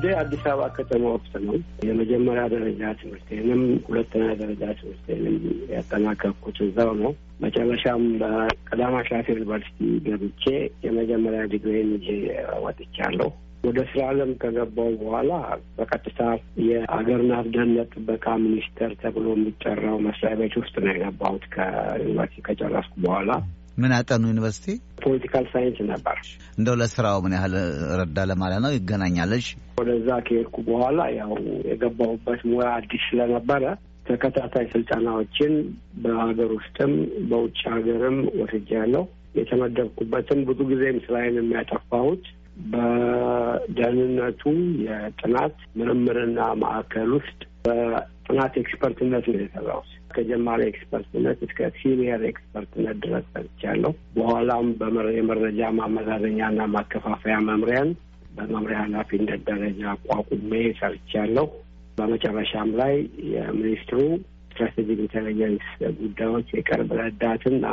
ትውልዴ አዲስ አበባ ከተማ ውስጥ ነው። የመጀመሪያ ደረጃ ትምህርቴንም ሁለተኛ ደረጃ ትምህርቴንም ያጠናቀቅኩት እዛው ነው። መጨረሻም በቀዳማ ሻፌ ዩኒቨርሲቲ ገብቼ የመጀመሪያ ዲግሪን ይዤ ወጥቻለሁ። ወደ ስራ አለም ከገባው በኋላ በቀጥታ የአገርና ደህንነት ጥበቃ ሚኒስቴር ተብሎ የሚጠራው መስሪያ ቤት ውስጥ ነው የገባሁት ከዩኒቨርሲቲ ከጨረስኩ በኋላ ምን አጠኑ? ዩኒቨርሲቲ ፖለቲካል ሳይንስ ነበር። እንደው ለስራው ምን ያህል ረዳ ለማለት ነው። ይገናኛለች። ወደዛ ከሄድኩ በኋላ ያው የገባሁበት ሙያ አዲስ ስለነበረ ተከታታይ ስልጠናዎችን በሀገር ውስጥም በውጭ ሀገርም ወስጃለሁ። የተመደብኩበትም ብዙ ጊዜም ስራዬን የሚያጠፋሁት በደህንነቱ የጥናት ምርምርና ማዕከል ውስጥ በጥናት ኤክስፐርትነት ነው የሰራሁት። ጀማሪ ኤክስፐርትነት እስከ ሲኒየር ኤክስፐርትነት ድረስ ሰርቻለሁ። በኋላም የመረጃ ማመዛዘኛና ማከፋፈያ መምሪያን በመምሪያ ኃላፊነት ደረጃ አቋቁሜ ሰርቻለሁ። በመጨረሻም ላይ የሚኒስትሩ ስትራቴጂክ ኢንቴሊጀንስ ጉዳዮች የቅርብ ረዳትና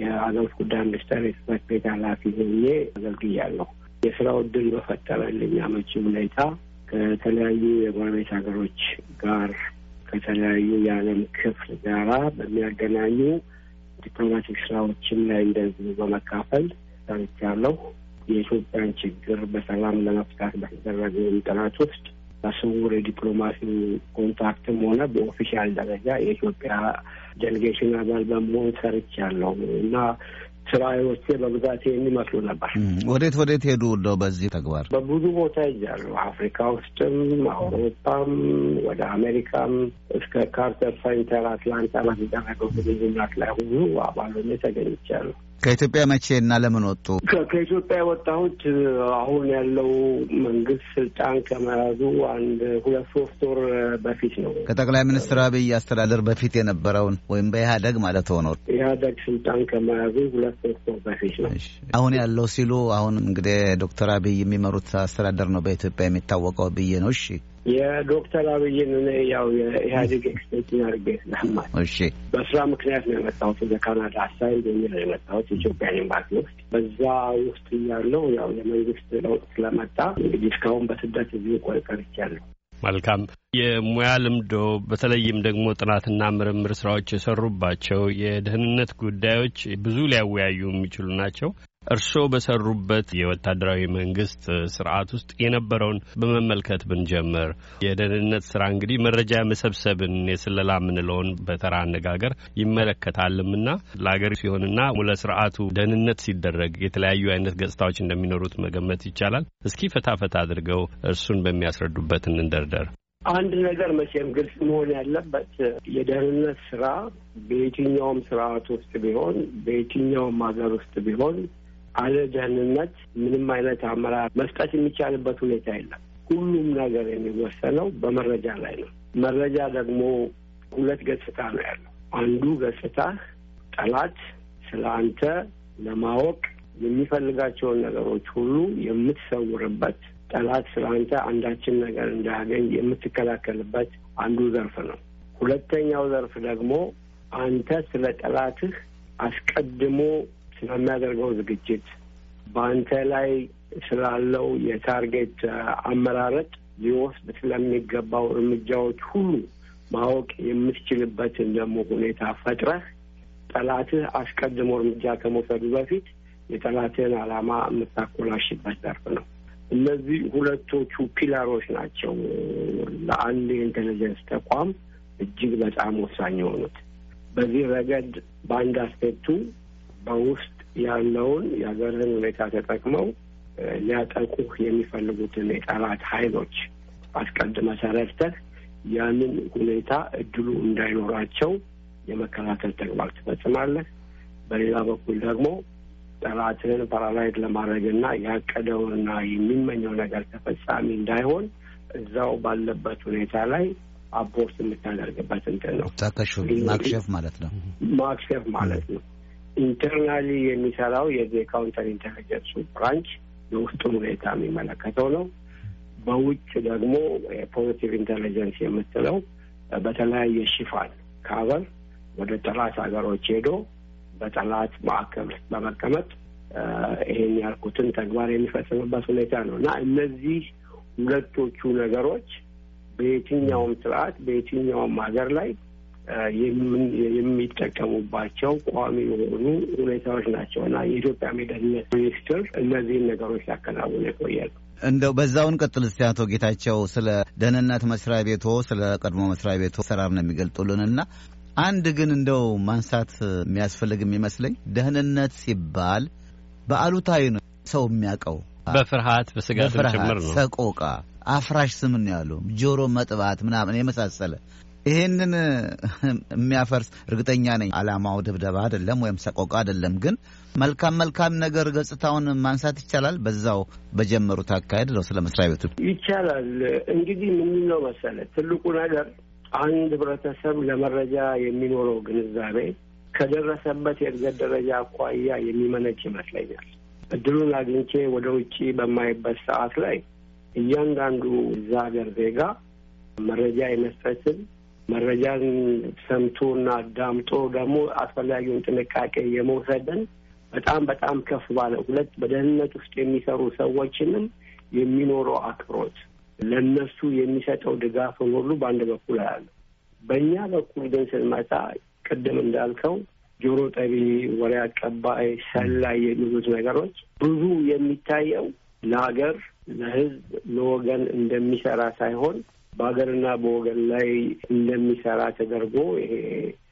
የአገሮች ጉዳይ ሚኒስቴር የጽሕፈት ቤት ኃላፊ ሆኜ አገልግያለሁ። የስራው እድል በፈጠረልኝ አመቺ ሁኔታ ከተለያዩ የጎረቤት ሀገሮች ጋር ከተለያዩ የዓለም ክፍል ጋራ በሚያገናኙ ዲፕሎማቲክ ስራዎችም ላይ እንደዚሁ በመካፈል ሰርቻለሁ። የኢትዮጵያን ችግር በሰላም ለመፍታት በተደረገ ጥረት ውስጥ በስውር የዲፕሎማሲ ኮንታክትም ሆነ በኦፊሻል ደረጃ የኢትዮጵያ ዴሌጌሽን አባል በመሆን ሰርቻለሁ እና ስራዎቼ በብዛት የሚመስሉ ነበር። ወዴት ወዴት ሄዱ? ወደው በዚህ ተግባር በብዙ ቦታ ይዣለሁ። አፍሪካ ውስጥም፣ አውሮፓም፣ ወደ አሜሪካም እስከ ካርተር ሳይንተር አትላንታ በሚደረገው ግንኙነት ላይ ሁሉ አባል ሆኜ ተገኝቻለሁ። ከኢትዮጵያ መቼ እና ለምን ወጡ? ከኢትዮጵያ የወጣሁት አሁን ያለው መንግስት ስልጣን ከመያዙ አንድ ሁለት ሶስት ወር በፊት ነው። ከጠቅላይ ሚኒስትር አብይ አስተዳደር በፊት የነበረውን ወይም በኢህአደግ ማለት ሆኖ ኢህአደግ ስልጣን ከመያዙ ሁለት አሁን ያለው ሲሉ አሁን እንግዲህ ዶክተር አብይ የሚመሩት አስተዳደር ነው በኢትዮጵያ የሚታወቀው ብዬ ነው። እሺ የዶክተር አብይን እኔ ያው የኢህአዴግ ኤክስቴንሽን አድርጌ ስለማል እሺ፣ በስራ ምክንያት ነው የመጣሁት። ወደ ካናዳ አሳይ በሚል ነው የመጣሁት ኢትዮጵያ ኤምባሲ ውስጥ። በዛ ውስጥ እያለው ያው የመንግስት ለውጥ ስለመጣ እንግዲህ እስካሁን በስደት እዚሁ ቆይ ቀርቻለሁ። መልካም የሙያ ልምዶ በተለይም ደግሞ ጥናትና ምርምር ስራዎች የሰሩባቸው የደህንነት ጉዳዮች ብዙ ሊያወያዩ የሚችሉ ናቸው። እርስዎ በሰሩበት የወታደራዊ መንግስት ስርዓት ውስጥ የነበረውን በመመልከት ብንጀምር የደህንነት ስራ እንግዲህ መረጃ መሰብሰብን የስለላ የምንለውን በተራ አነጋገር ይመለከታልምና ለሀገር ሲሆንና ለስርዓቱ ደህንነት ሲደረግ የተለያዩ አይነት ገጽታዎች እንደሚኖሩት መገመት ይቻላል። እስኪ ፈታ ፈታ አድርገው እርሱን በሚያስረዱበት እንንደርደር። አንድ ነገር መቼም ግልጽ መሆን ያለበት የደህንነት ስራ በየትኛውም ስርዓት ውስጥ ቢሆን በየትኛውም ሀገር ውስጥ ቢሆን አለ ደህንነት ምንም አይነት አመራር መስጠት የሚቻልበት ሁኔታ የለም። ሁሉም ነገር የሚወሰነው በመረጃ ላይ ነው። መረጃ ደግሞ ሁለት ገጽታ ነው ያለው። አንዱ ገጽታ ጠላት ስለ አንተ ለማወቅ የሚፈልጋቸውን ነገሮች ሁሉ የምትሰውርበት ጠላት ስለአንተ አንዳችን ነገር እንዳያገኝ የምትከላከልበት አንዱ ዘርፍ ነው። ሁለተኛው ዘርፍ ደግሞ አንተ ስለ ጠላትህ አስቀድሞ ስለሚያደርገው ዝግጅት፣ በአንተ ላይ ስላለው የታርጌት አመራረጥ ሊወስድ ስለሚገባው እርምጃዎች ሁሉ ማወቅ የምትችልበትን ደግሞ ሁኔታ ፈጥረህ ጠላትህ አስቀድሞ እርምጃ ከመውሰዱ በፊት የጠላትህን ዓላማ የምታኮላሽበት ዘርፍ ነው። እነዚህ ሁለቶቹ ፒላሮች ናቸው ለአንድ የኢንቴሊጀንስ ተቋም እጅግ በጣም ወሳኝ የሆኑት። በዚህ ረገድ በአንድ አስፔክቱ በውስጥ ያለውን የሀገርህን ሁኔታ ተጠቅመው ሊያጠቁህ የሚፈልጉትን የጠላት ኃይሎች አስቀድመ ተረድተህ ያንን ሁኔታ እድሉ እንዳይኖራቸው የመከላከል ተግባር ትፈጽማለህ። በሌላ በኩል ደግሞ ጠላትን ፓራላይዝ ለማድረግና ያቀደውና የሚመኘው ነገር ተፈጻሚ እንዳይሆን እዛው ባለበት ሁኔታ ላይ አቦርት የምታደርግበት እንትን ነው። ተከሹ ማክሸፍ ማለት ነው። ማክሸፍ ማለት ነው። ኢንተርናሊ የሚሰራው የዚህ ካውንተር ኢንቴሊጀንሱ ብራንች የውስጡን ሁኔታ የሚመለከተው ነው። በውጭ ደግሞ የፖዚቲቭ ኢንቴሊጀንስ የምትለው በተለያየ ሽፋን ካቨር ወደ ጠላት ሀገሮች ሄዶ በጠላት ማዕከል ውስጥ በመቀመጥ ይሄን ያልኩትን ተግባር የሚፈጽምበት ሁኔታ ነው እና እነዚህ ሁለቶቹ ነገሮች በየትኛውም ስርዓት በየትኛውም ሀገር ላይ የሚጠቀሙባቸው ቋሚ የሆኑ ሁኔታዎች ናቸው እና የኢትዮጵያ መድኃኒት ሚኒስትር እነዚህን ነገሮች ሲያከናውን ይቆያሉ። እንደው በዛውን ቀጥል እስቲ አቶ ጌታቸው ስለ ደህንነት መስሪያ ቤቶ ስለ ቀድሞ መስሪያ ቤቶ ሰራር ነው የሚገልጡልን እና አንድ ግን እንደው ማንሳት የሚያስፈልግ የሚመስለኝ ደህንነት ሲባል በአሉታዊ ነው ሰው የሚያውቀው በፍርሃት በስጋት ጭምር ነው። ሰቆቃ፣ አፍራሽ ስም ነው ያሉ ጆሮ መጥባት ምናምን የመሳሰለ ይሄንን የሚያፈርስ እርግጠኛ ነኝ። አላማው ድብደባ አይደለም ወይም ሰቆቃ አይደለም። ግን መልካም መልካም ነገር ገጽታውን ማንሳት ይቻላል። በዛው በጀመሩት አካሄድ ነው ስለ መስሪያ ቤቱ ይቻላል። እንግዲህ ምንድን ነው መሰለህ ትልቁ ነገር አንድ ህብረተሰብ ለመረጃ የሚኖረው ግንዛቤ ከደረሰበት የእድገት ደረጃ አኳያ የሚመነጭ ይመስለኛል። እድሉን አግኝቼ ወደ ውጭ በማይበት ሰዓት ላይ እያንዳንዱ እዛ ሀገር ዜጋ መረጃ የመስጠትን መረጃን ሰምቶና አዳምጦ ደግሞ አስፈላጊውን ጥንቃቄ የመውሰድን በጣም በጣም ከፍ ባለ ሁለት በደህንነት ውስጥ የሚሰሩ ሰዎችንም የሚኖረው አክብሮት ለእነሱ የሚሰጠው ድጋፍን ሁሉ በአንድ በኩል አያለሁ። በእኛ በኩል ግን ስንመጣ ቅድም እንዳልከው ጆሮ ጠቢ፣ ወሬ አቀባይ፣ ሰላይ የሚሉት ነገሮች ብዙ የሚታየው ለሀገር፣ ለህዝብ ለወገን እንደሚሰራ ሳይሆን በሀገርና በወገን ላይ እንደሚሰራ ተደርጎ ይሄ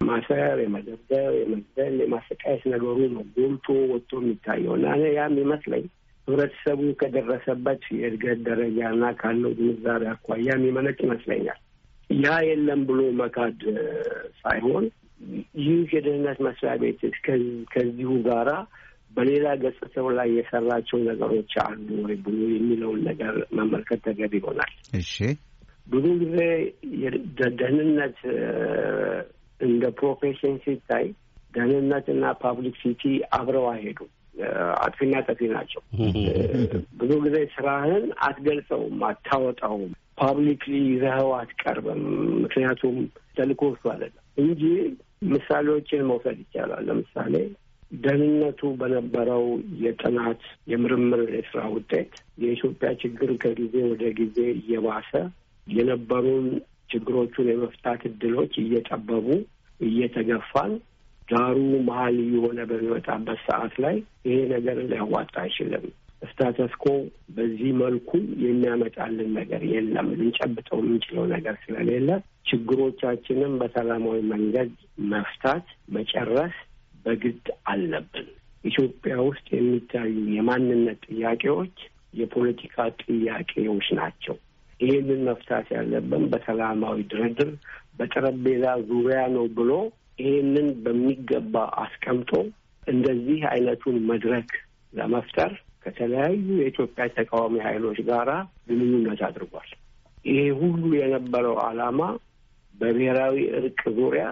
ማሰር፣ የመደብደብ፣ የመግደል፣ የማሰቃየት ነገሩ ነው ጎልቶ ወጥቶ የሚታየው እና ያም ይመስለኝ ህብረተሰቡ ከደረሰበት የእድገት ደረጃ ካለው ግንዛቤ አኳያ የሚመነጭ ይመስለኛል። ያ የለም ብሎ መካድ ሳይሆን ይህ የደህንነት መስሪያ ቤት ከዚሁ ጋራ በሌላ ገጽታው ላይ የሰራቸው ነገሮች አሉ ወይ ብሎ የሚለውን ነገር መመልከት ተገቢ ይሆናል። እሺ፣ ብዙ ጊዜ ደህንነት እንደ ፕሮፌሽን ሲታይ ደህንነትና ፓብሊክ ሲቲ አብረው አይሄዱም። አጥፊና ጠፊ ናቸው። ብዙ ጊዜ ስራህን አትገልጸውም፣ አታወጣውም፣ ፓብሊክሊ ይዘኸው አትቀርብም። ምክንያቱም ተልእኮ እሱ አይደለም እንጂ ምሳሌዎችን መውሰድ ይቻላል። ለምሳሌ ደህንነቱ በነበረው የጥናት የምርምር የስራ ውጤት የኢትዮጵያ ችግር ከጊዜ ወደ ጊዜ እየባሰ የነበሩን ችግሮቹን የመፍታት እድሎች እየጠበቡ እየተገፋን ዳሩ መሀል የሆነ በሚወጣበት ሰዓት ላይ ይሄ ነገር ሊያዋጣ አይችልም። ስታተስኮ በዚህ መልኩ የሚያመጣልን ነገር የለም። ልንጨብጠው የምንችለው ነገር ስለሌለ ችግሮቻችንን በሰላማዊ መንገድ መፍታት መጨረስ በግድ አለብን። ኢትዮጵያ ውስጥ የሚታዩ የማንነት ጥያቄዎች የፖለቲካ ጥያቄዎች ናቸው። ይህንን መፍታት ያለብን በሰላማዊ ድርድር በጠረጴዛ ዙሪያ ነው ብሎ ይህንን በሚገባ አስቀምጦ እንደዚህ አይነቱን መድረክ ለመፍጠር ከተለያዩ የኢትዮጵያ ተቃዋሚ ኃይሎች ጋር ግንኙነት አድርጓል። ይሄ ሁሉ የነበረው ዓላማ በብሔራዊ እርቅ ዙሪያ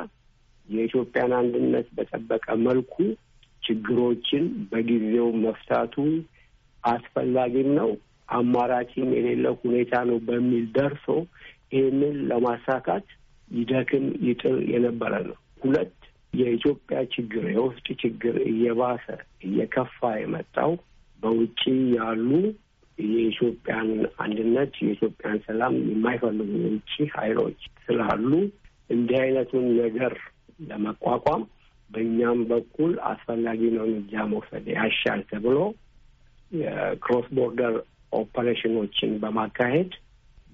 የኢትዮጵያን አንድነት በጠበቀ መልኩ ችግሮችን በጊዜው መፍታቱ አስፈላጊም ነው፣ አማራጭም የሌለ ሁኔታ ነው በሚል ደርሶ ይህንን ለማሳካት ይደክም ይጥር የነበረ ነው። ሁለት የኢትዮጵያ ችግር የውስጥ ችግር እየባሰ እየከፋ የመጣው በውጭ ያሉ የኢትዮጵያን አንድነት የኢትዮጵያን ሰላም የማይፈልጉ የውጭ ኃይሎች ስላሉ እንዲህ አይነቱን ነገር ለመቋቋም በእኛም በኩል ነው እርምጃ መውሰድ ያሻል ተብሎ የክሮስ ቦርደር ኦፐሬሽኖችን በማካሄድ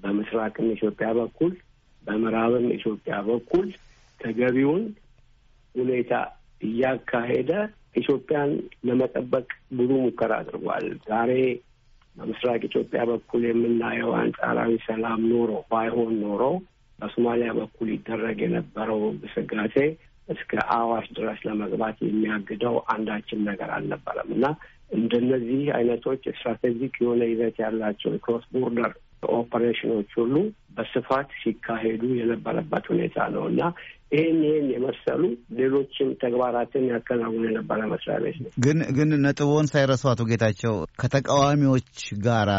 በምስራቅም ኢትዮጵያ በኩል በምዕራብም ኢትዮጵያ በኩል ተገቢውን ሁኔታ እያካሄደ ኢትዮጵያን ለመጠበቅ ብዙ ሙከራ አድርጓል። ዛሬ በምስራቅ ኢትዮጵያ በኩል የምናየው አንጻራዊ ሰላም ኖሮ ባይሆን ኖሮ በሶማሊያ በኩል ይደረግ የነበረው ግስጋሴ እስከ አዋሽ ድረስ ለመግባት የሚያግደው አንዳችን ነገር አልነበረም እና እንደነዚህ አይነቶች ስትራቴጂክ የሆነ ይዘት ያላቸው ክሮስ ቦርደር ኦፐሬሽኖች ሁሉ በስፋት ሲካሄዱ የነበረበት ሁኔታ ነው እና ይህን ይህን የመሰሉ ሌሎችም ተግባራትን ያከናውኑ የነበረ መስሪያ ቤት ነው። ግን ግን ነጥቦን ሳይረሱ አቶ ጌታቸው ከተቃዋሚዎች ጋራ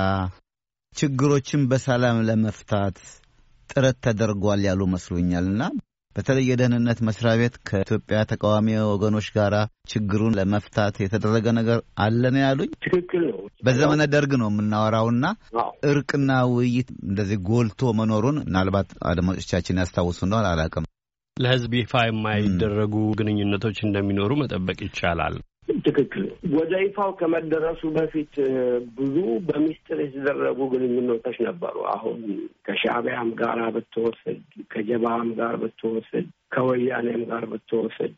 ችግሮችን በሰላም ለመፍታት ጥረት ተደርጓል ያሉ መስሎኛል እና በተለይ የደህንነት መስሪያ ቤት ከኢትዮጵያ ተቃዋሚ ወገኖች ጋር ችግሩን ለመፍታት የተደረገ ነገር አለ ነው ያሉኝ። ትክክል ነው። በዘመነ ደርግ ነው የምናወራውና እርቅና ውይይት እንደዚህ ጎልቶ መኖሩን ምናልባት አድማጮቻችን ያስታውሱ እንደሆን አላውቅም። ለህዝብ ይፋ የማይደረጉ ግንኙነቶች እንደሚኖሩ መጠበቅ ይቻላል። ትክክል። ወደ ይፋው ከመደረሱ በፊት ብዙ በሚስጥር የተደረጉ ግንኙነቶች ነበሩ። አሁን ከሻቢያም ጋር ብትወስድ፣ ከጀባም ጋር ብትወስድ፣ ከወያኔም ጋር ብትወስድ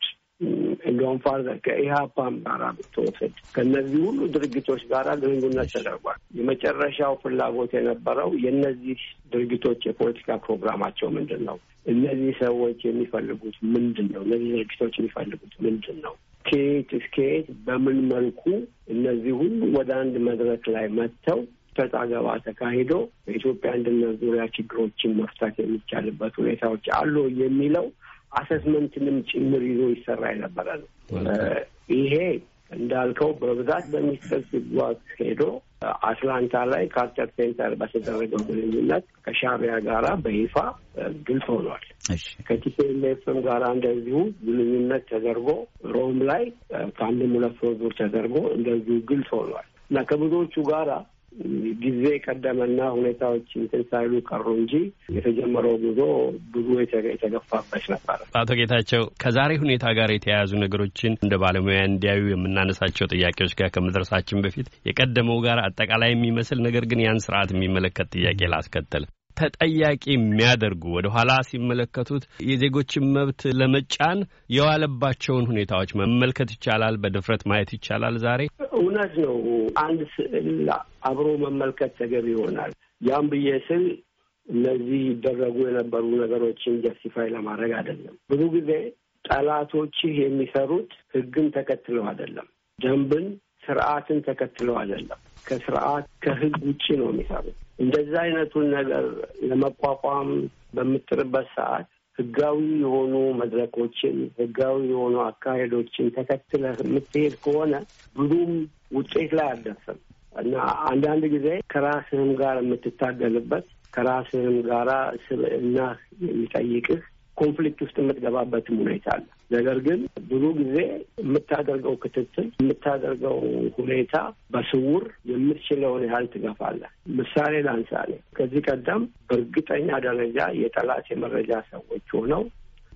እንዲሁም ፋርዘር ከኢህአፓም ጋራ ብትወስድ ከእነዚህ ሁሉ ድርጊቶች ጋር ግንኙነት ተደርጓል። የመጨረሻው ፍላጎት የነበረው የእነዚህ ድርጊቶች የፖለቲካ ፕሮግራማቸው ምንድን ነው? እነዚህ ሰዎች የሚፈልጉት ምንድን ነው? እነዚህ ድርጊቶች የሚፈልጉት ምንድን ነው? ከየት እስከየት በምን መልኩ እነዚህ ሁሉ ወደ አንድ መድረክ ላይ መጥተው ፈጣ አገባ ተካሂዶ በኢትዮጵያ አንድነት ዙሪያ ችግሮችን መፍታት የሚቻልበት ሁኔታዎች አሉ የሚለው አሰስመንትንም ጭምር ይዞ ይሰራ የነበረ ነው። ይሄ እንዳልከው በብዛት በሚስተር ሲጓዝ ሄዶ አትላንታ ላይ ካርተር ሴንተር በተደረገው ግንኙነት ከሻቢያ ጋራ በይፋ ግልጽ ሆኗል። ከቲፒኤልኤፍም ጋራ እንደዚሁ ግንኙነት ተደርጎ ሮም ላይ ከአንድም ሁለት ሶስት ዙር ተደርጎ እንደዚሁ ግልጽ ሆኗል እና ከብዙዎቹ ጋራ ጊዜ ቀደመና ሁኔታዎች እንትን ሳይሉ ቀሩ እንጂ የተጀመረው ጉዞ ብዙ የተገፋበች ነበር። አቶ ጌታቸው ከዛሬ ሁኔታ ጋር የተያያዙ ነገሮችን እንደ ባለሙያ እንዲያዩ የምናነሳቸው ጥያቄዎች ጋር ከመድረሳችን በፊት የቀደመው ጋር አጠቃላይ የሚመስል ነገር ግን ያን ስርዓት የሚመለከት ጥያቄ ላስከተል ተጠያቂ የሚያደርጉ ወደ ኋላ ሲመለከቱት የዜጎችን መብት ለመጫን የዋለባቸውን ሁኔታዎች መመልከት ይቻላል። በድፍረት ማየት ይቻላል። ዛሬ እውነት ነው። አንድ ስዕል አብሮ መመልከት ተገቢ ይሆናል። ያም ብዬ ስል እነዚህ ይደረጉ የነበሩ ነገሮችን ጀስቲፋይ ለማድረግ አይደለም። ብዙ ጊዜ ጠላቶችህ የሚሰሩት ህግን ተከትለው አይደለም፣ ደንብን ስርዓትን ተከትለው አይደለም ከስርዓት ከህግ ውጭ ነው የሚሰሩት። እንደዛ አይነቱን ነገር ለመቋቋም በምጥርበት ሰዓት ህጋዊ የሆኑ መድረኮችን ህጋዊ የሆኑ አካሄዶችን ተከትለህ የምትሄድ ከሆነ ብዙም ውጤት ላይ አልደርስም እና አንዳንድ ጊዜ ከራስህም ጋር የምትታገልበት ከራስህም ጋራ ስብዕና የሚጠይቅህ ኮንፍሊክት ውስጥ የምትገባበትም ሁኔታ አለ። ነገር ግን ብዙ ጊዜ የምታደርገው ክትትል የምታደርገው ሁኔታ በስውር የምትችለውን ያህል ትገፋለህ። ምሳሌ ላንሳሌ ከዚህ ቀደም በእርግጠኛ ደረጃ የጠላት የመረጃ ሰዎች ሆነው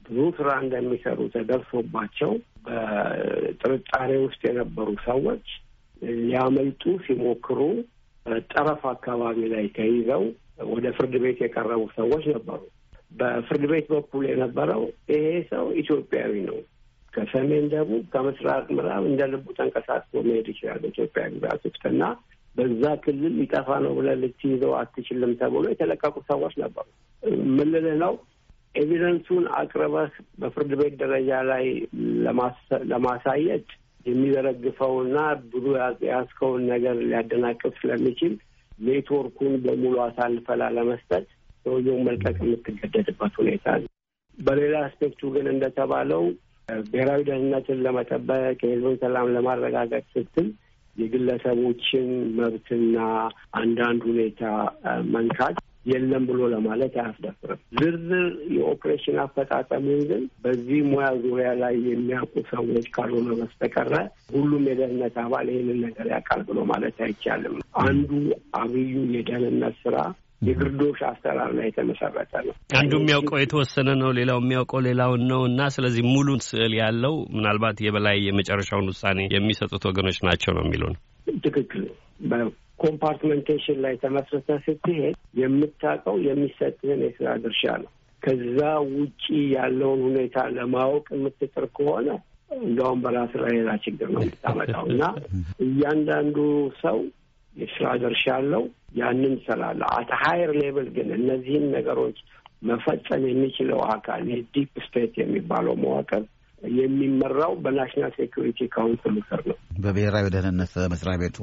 ብዙ ስራ እንደሚሰሩ ተደርሶባቸው በጥርጣሬ ውስጥ የነበሩ ሰዎች ሊያመልጡ ሲሞክሩ ጠረፍ አካባቢ ላይ ተይዘው ወደ ፍርድ ቤት የቀረቡ ሰዎች ነበሩ። በፍርድ ቤት በኩል የነበረው ይሄ ሰው ኢትዮጵያዊ ነው፣ ከሰሜን ደቡብ፣ ከምስራቅ ምዕራብ እንደ ልቡ ተንቀሳቅሶ መሄድ ይችላል። ኢትዮጵያዊ ግዛት እና በዛ ክልል ሊጠፋ ነው ብለህ ልትይዘው አትችልም ተብሎ የተለቀቁ ሰዎች ነበሩ። ምልል ነው ኤቪደንሱን አቅርበህ በፍርድ ቤት ደረጃ ላይ ለማሳየት የሚዘረግፈውና ብዙ ያስከውን ነገር ሊያደናቅፍ ስለሚችል ኔትወርኩን በሙሉ አሳልፈላ ለመስጠት ሰውየውን መልቀቅ የምትገደድበት ሁኔታ ነው። በሌላ አስፔክቱ ግን እንደተባለው ብሔራዊ ደህንነትን ለመጠበቅ የህዝብን ሰላም ለማረጋገጥ ስትል የግለሰቦችን መብትና አንዳንድ ሁኔታ መንካት የለም ብሎ ለማለት አያስደፍርም። ዝርዝር የኦፕሬሽን አፈጣጠሙን ግን በዚህ ሙያ ዙሪያ ላይ የሚያውቁ ሰዎች ካልሆነ በስተቀረ ሁሉም የደህንነት አባል ይህንን ነገር ያውቃል ብሎ ማለት አይቻልም። አንዱ አብዩ የደህንነት ስራ የግርዶሽ አሰራር ላይ የተመሰረተ ነው። አንዱ የሚያውቀው የተወሰነ ነው፣ ሌላው የሚያውቀው ሌላውን ነው እና ስለዚህ ሙሉን ስዕል ያለው ምናልባት የበላይ የመጨረሻውን ውሳኔ የሚሰጡት ወገኖች ናቸው ነው የሚሉን። ትክክል። በኮምፓርትመንቴሽን ላይ ተመስረተ ስትሄድ የምታውቀው የሚሰጥህን የስራ ድርሻ ነው። ከዛ ውጪ ያለውን ሁኔታ ለማወቅ የምትጥር ከሆነ እንዲያውም በራስ ላይ ሌላ ችግር ነው የምታመጣው እና እያንዳንዱ ሰው የስራ ድርሻ አለው። ያንን እሰራለሁ። አት ሀይር ሌቭል ግን እነዚህን ነገሮች መፈጸም የሚችለው አካል ይህ ዲፕ ስቴት የሚባለው መዋቅር የሚመራው በናሽናል ሴኩሪቲ ካውንስል ምክር ነው፣ በብሔራዊ ደህንነት መስሪያ ቤቱ።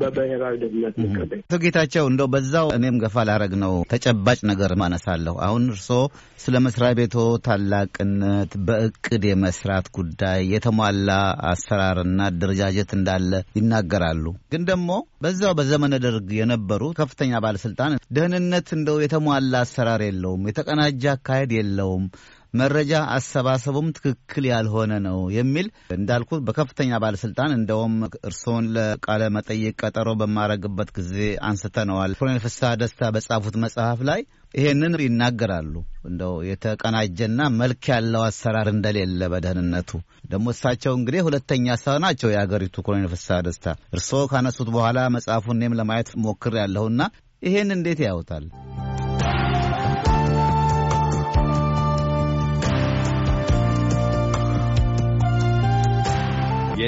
በብሔራዊ ደህንነት ምክር ቤት። አቶ ጌታቸው እንደው በዛው እኔም ገፋ ላረግ ነው ተጨባጭ ነገር ማነሳለሁ። አሁን እርስዎ ስለ መስሪያ ቤቶ ታላቅነት፣ በእቅድ የመስራት ጉዳይ የተሟላ አሰራርና አደረጃጀት እንዳለ ይናገራሉ። ግን ደግሞ በዛው በዘመነ ደርግ የነበሩ ከፍተኛ ባለስልጣን ደህንነት እንደው የተሟላ አሰራር የለውም፣ የተቀናጀ አካሄድ የለውም መረጃ አሰባሰቡም ትክክል ያልሆነ ነው የሚል እንዳልኩ በከፍተኛ ባለስልጣን እንደውም እርስዎን ለቃለ መጠይቅ ቀጠሮ በማረግበት ጊዜ አንስተነዋል። ኮሎኔል ፍስሐ ደስታ በጻፉት መጽሐፍ ላይ ይሄንን ይናገራሉ። እንደው የተቀናጀና መልክ ያለው አሰራር እንደሌለ በደህንነቱ ደግሞ እሳቸው እንግዲህ ሁለተኛ ሰው ናቸው የአገሪቱ ኮሎኔል ፍስሐ ደስታ። እርስዎ ካነሱት በኋላ መጽሐፉን እኔም ለማየት ያለሁና ይሄን እንዴት ያውታል?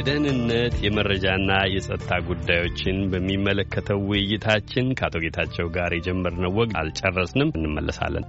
የደህንነት የመረጃና የጸጥታ ጉዳዮችን በሚመለከተው ውይይታችን ከአቶ ጌታቸው ጋር የጀመርነው ወግ አልጨረስንም። እንመለሳለን።